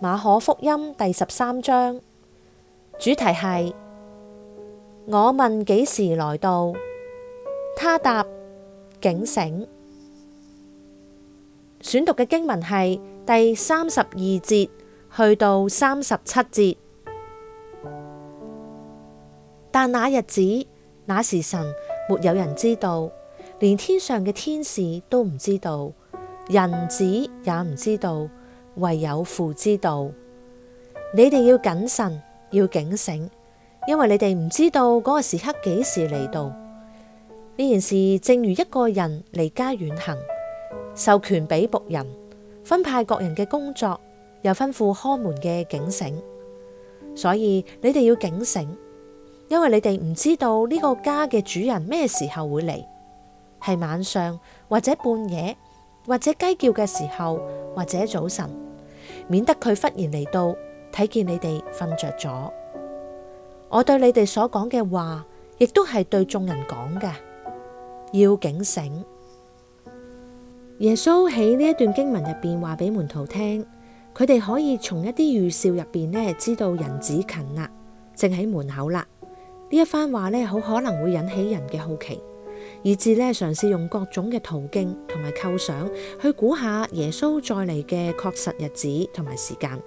馬可福音第十三章，主題係我問幾時來到，他答警醒。選讀嘅經文係第三十二節去到三十七節。但那日子、那時辰，沒有人知道，連天上嘅天使都唔知道，人子也唔知道。唯有父之道，你哋要謹慎，要警醒，因為你哋唔知道嗰個時刻幾時嚟到呢件事。正如一個人離家遠行，授權俾僕人，分派各人嘅工作，又吩咐看門嘅警醒，所以你哋要警醒，因為你哋唔知道呢個家嘅主人咩時候會嚟，係晚上或者半夜，或者雞叫嘅時候，或者早晨。免得佢忽然嚟到睇見你哋瞓着咗，我對你哋所講嘅話，亦都係對眾人講嘅，要警醒。耶穌喺呢一段經文入邊話俾門徒聽，佢哋可以從一啲預兆入邊呢，知道人子近啦，正喺門口啦。呢一番話呢，好可能會引起人嘅好奇。以至咧嘗試用各種嘅途徑同埋構想去估下耶穌再嚟嘅確實日子同埋時間，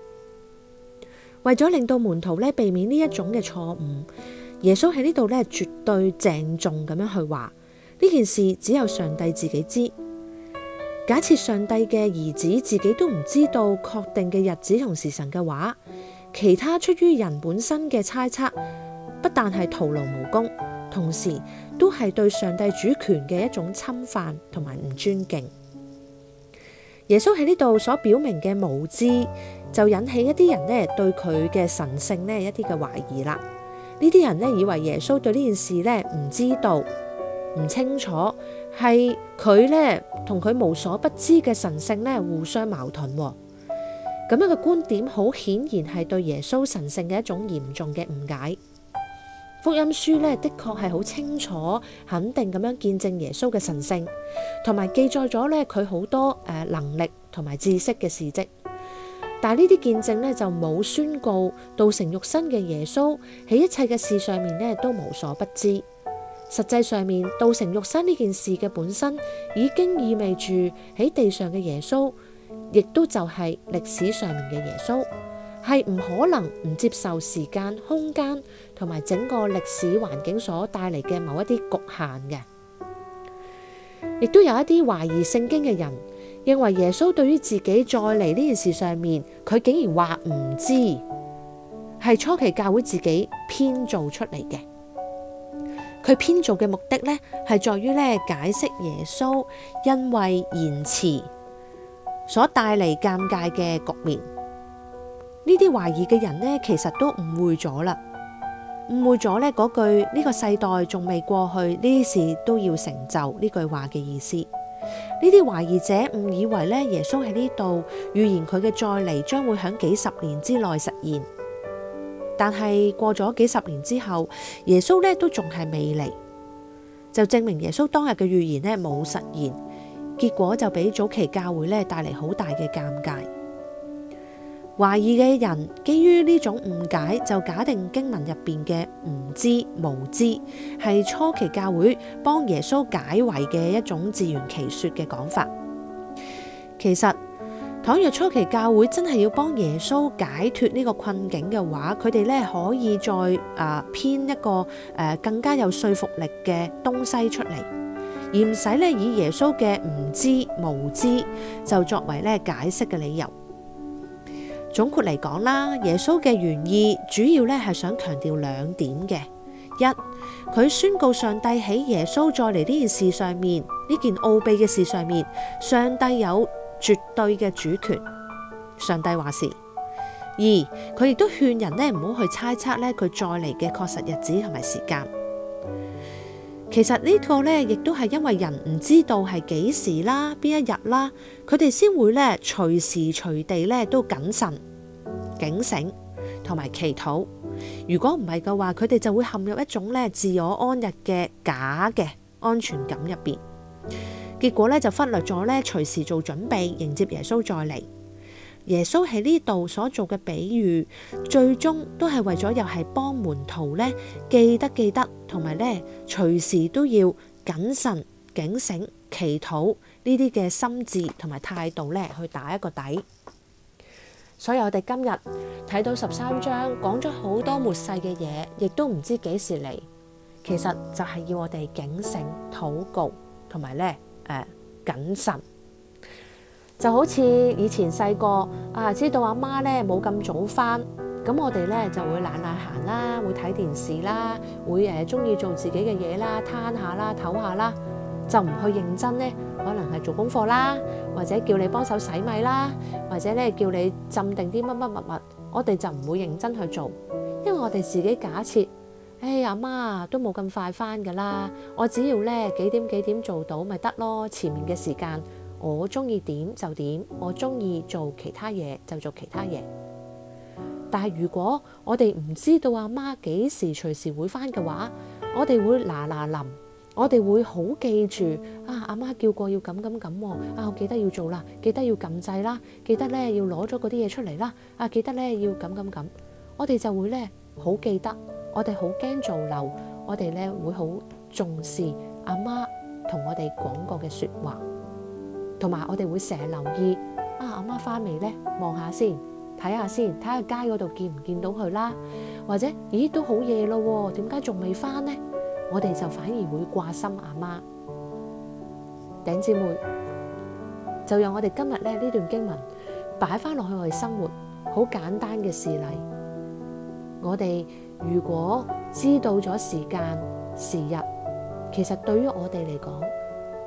為咗令到門徒咧避免呢一種嘅錯誤，耶穌喺呢度咧絕對鄭重咁樣去話呢件事只有上帝自己知。假設上帝嘅兒子自己都唔知道確定嘅日子同時辰嘅話，其他出於人本身嘅猜測不但係徒勞無功，同時都係對上帝主權嘅一種侵犯同埋唔尊敬。耶穌喺呢度所表明嘅無知，就引起一啲人呢對佢嘅神性呢一啲嘅懷疑啦。呢啲人呢以為耶穌對呢件事呢唔知道，唔清楚，係佢呢同佢無所不知嘅神性呢互相矛盾。咁樣嘅觀點好顯然係對耶穌神性嘅一種嚴重嘅誤解。福音書呢，的確係好清楚肯定咁樣見證耶穌嘅神聖，同埋記載咗呢佢好多誒能力同埋知識嘅事跡。但係呢啲見證呢，就冇宣告道成肉身嘅耶穌喺一切嘅事上面呢都無所不知。實際上面，道成肉身呢件事嘅本身已經意味住喺地上嘅耶穌，亦都就係歷史上面嘅耶穌，係唔可能唔接受時間、空間同埋整個歷史環境所帶嚟嘅某一啲局限嘅，亦都有一啲懷疑聖經嘅人認為耶穌對於自己再嚟呢件事上面，佢竟然話唔知，係初期教會自己編造出嚟嘅。佢編造嘅目的呢，係在於咧解釋耶穌因為延遲所帶嚟尷尬嘅局面。呢啲懷疑嘅人呢，其實都誤會咗啦，誤會咗呢句，呢個世代仲未過去，呢啲事都要成就呢句話嘅意思。呢啲懷疑者誤以為呢，耶穌喺呢度預言佢嘅再嚟將會響幾十年之內實現，但係過咗幾十年之後，耶穌呢都仲係未嚟，就證明耶穌當日嘅預言呢冇實現，結果就俾早期教會呢帶嚟好大嘅尷尬。懷疑嘅人基於呢種誤解，就假定經文入邊嘅唔知、無知係初期教會幫耶穌解圍嘅一種自圓其說嘅講法。其實，倘若初期教會真係要幫耶穌解脱呢個困境嘅話，佢哋咧可以再啊編、呃、一個誒、呃、更加有說服力嘅東西出嚟，而唔使咧以耶穌嘅唔知、無知就作為咧解釋嘅理由。總括嚟講啦，耶穌嘅原意主要咧係想強調兩點嘅：一，佢宣告上帝喺耶穌再嚟呢件事上面，呢件奧秘嘅事上面，上帝有絕對嘅主權，上帝話事；二，佢亦都勸人咧唔好去猜測咧佢再嚟嘅確實日子同埋時間。其實呢個呢，亦都係因為人唔知道係幾時啦，邊一日啦，佢哋先會咧隨時隨地咧都謹慎、警醒，同埋祈禱。如果唔係嘅話，佢哋就會陷入一種咧自我安逸嘅假嘅安全感入邊，結果咧就忽略咗咧隨時做準備迎接耶穌再嚟。耶穌喺呢度所做嘅比喻，最終都係為咗又係幫門徒呢，記得記得，同埋呢隨時都要謹慎、警醒、祈禱呢啲嘅心智同埋態度呢去打一個底。所以我哋今日睇到十三章講咗好多末世嘅嘢，亦都唔知幾時嚟，其實就係要我哋警醒、禱告，同埋呢誒、呃、謹慎。就好似以前細個啊，知道阿媽呢冇咁早返，咁我哋呢就會懶懶閑啦，會睇電視啦，會誒中意做自己嘅嘢啦，攤下啦，唞下啦，就唔去認真呢，可能係做功課啦，或者叫你幫手洗米啦，或者呢叫你浸定啲乜乜物物，我哋就唔會認真去做，因為我哋自己假設，哎呀，媽都冇咁快返噶啦，我只要呢幾點幾點做到咪得咯，前面嘅時間。我中意點就點，我中意做其他嘢就做其他嘢。但係如果我哋唔知道阿媽幾時隨時會返嘅話，我哋會嗱嗱臨，我哋會好記住啊！阿媽叫過要咁咁咁，啊，我記得要做啦，記得要撳掣啦，記得咧要攞咗嗰啲嘢出嚟啦，啊，記得咧要咁咁咁，我哋就會咧好記得，我哋好驚做漏，我哋咧會好重視阿媽同我哋講過嘅説話。同埋我哋會成日留意啊，阿媽翻未翻嚟咧？望下先，睇下先，睇下街嗰度見唔見到佢啦？或者，咦，都好夜咯，點解仲未翻呢？我哋就反而會掛心阿媽。頂姊妹，就讓我哋今日咧呢段經文擺翻落去我哋生活，好簡單嘅事例。我哋如果知道咗時間、時日，其實對於我哋嚟講，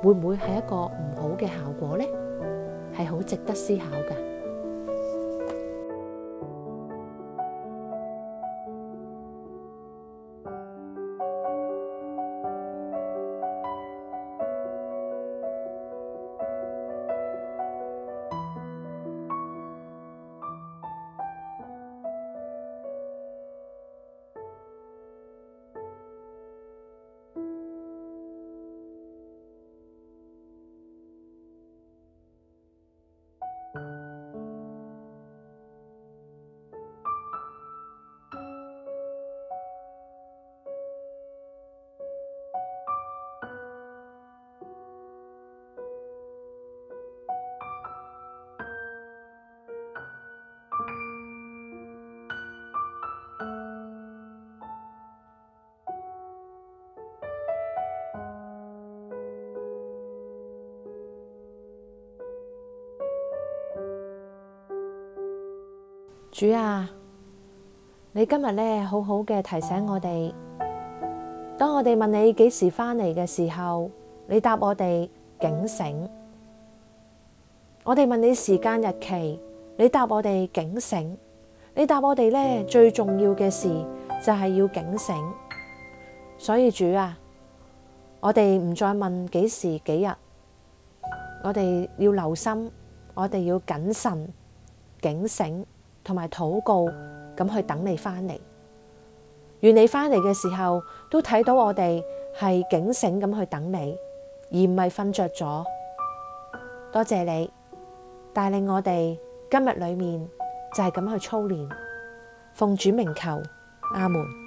會唔會係一個唔好嘅效果咧？係好值得思考嘅。主啊，你今日呢，好好嘅提醒我哋。當我哋問你幾時返嚟嘅時候，你答我哋，警醒。我哋問你時間日期，你答我哋，警醒。你答我哋呢，最重要嘅事，就係要警醒。所以主啊，我哋唔再問幾時，幾日。我哋要留心，我哋要謹慎，警醒。同埋禱告，咁去等你翻嚟。願你翻嚟嘅時候，都睇到我哋係警醒咁去等你，而唔係瞓着咗。多謝你帶領我哋今日裏面就係咁去操練。奉主名求，阿門。